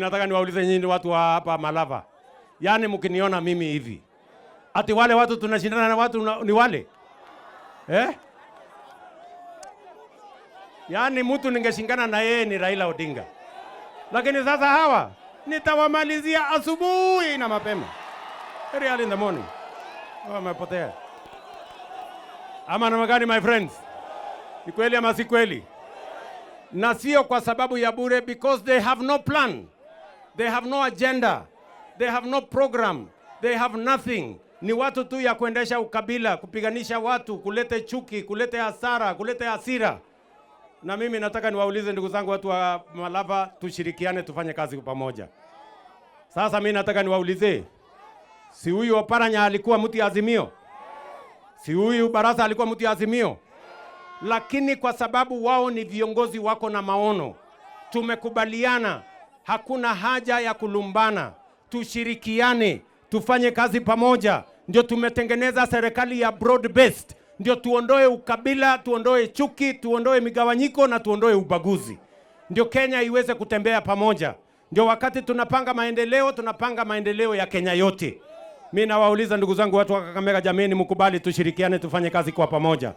Nataka niwaulize nyinyi watu wa hapa Malava, yaani mkiniona mimi hivi ati wale watu tunashindana na watu una, ni wale eh? Yaani mtu ningeshindana na yeye ni Raila Odinga, lakini sasa hawa nitawamalizia asubuhi na mapema, early in the morning. Wamepotea oh, ama namna gani, my friends? Ni kweli ama si kweli? Na sio kwa sababu ya bure, because they have no plan. They have no agenda. They have no program. They have nothing. Ni watu tu ya kuendesha ukabila, kupiganisha watu, kulete chuki, kulete hasara, kulete hasira. Na mimi nataka niwaulize ndugu zangu watu wa Malava, tushirikiane tufanye kazi kwa pamoja. Sasa mimi nataka niwaulize, si huyu Oparanya alikuwa mtu Azimio? Si huyu Barasa alikuwa mtu Azimio? Lakini kwa sababu wao ni viongozi wako na maono, tumekubaliana Hakuna haja ya kulumbana, tushirikiane, tufanye kazi pamoja. Ndio tumetengeneza serikali ya broad based, ndio tuondoe ukabila, tuondoe chuki, tuondoe migawanyiko na tuondoe ubaguzi, ndio Kenya iweze kutembea pamoja. Ndio wakati tunapanga maendeleo, tunapanga maendeleo ya Kenya yote. Mimi nawauliza ndugu zangu, watu wa Kakamega, ni mkubali tushirikiane, tufanye kazi kwa pamoja.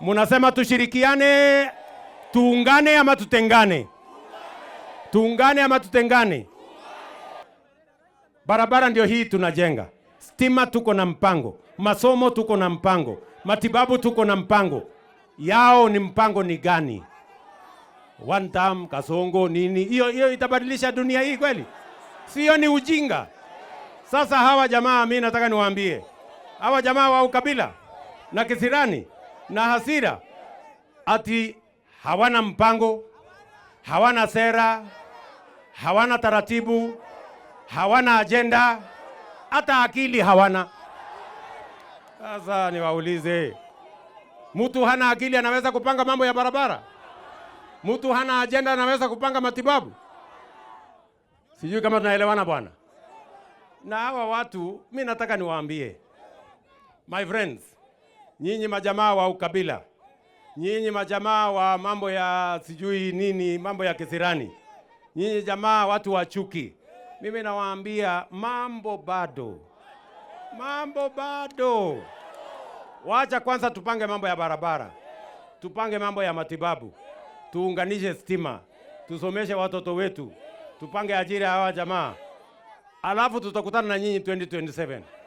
Munasema tushirikiane, tuungane ama tutengane? Tuungane ama tutengane? Barabara ndio hii tunajenga, stima tuko na mpango, masomo tuko na mpango, matibabu tuko na mpango. Yao ni mpango ni gani? One term, kasongo nini? Hiyo hiyo itabadilisha dunia hii kweli? Sio, ni ujinga. Sasa hawa jamaa, mimi nataka niwaambie hawa jamaa wa ukabila na kisirani na hasira, ati hawana mpango, hawana sera hawana taratibu, hawana ajenda, hata akili hawana. Sasa niwaulize, mtu hana akili anaweza kupanga mambo ya barabara? Mtu hana ajenda anaweza kupanga matibabu? Sijui kama tunaelewana bwana. Na hawa watu mi nataka niwaambie, my friends, nyinyi majamaa wa ukabila, nyinyi majamaa wa mambo ya sijui nini, mambo ya kisirani nyinyi jamaa watu wa chuki. Mimi nawaambia mambo bado, mambo bado. Wacha kwanza tupange mambo ya barabara, tupange mambo ya matibabu, tuunganishe stima, tusomeshe watoto wetu, tupange ajira ya hawa jamaa, alafu tutakutana na nyinyi 2027.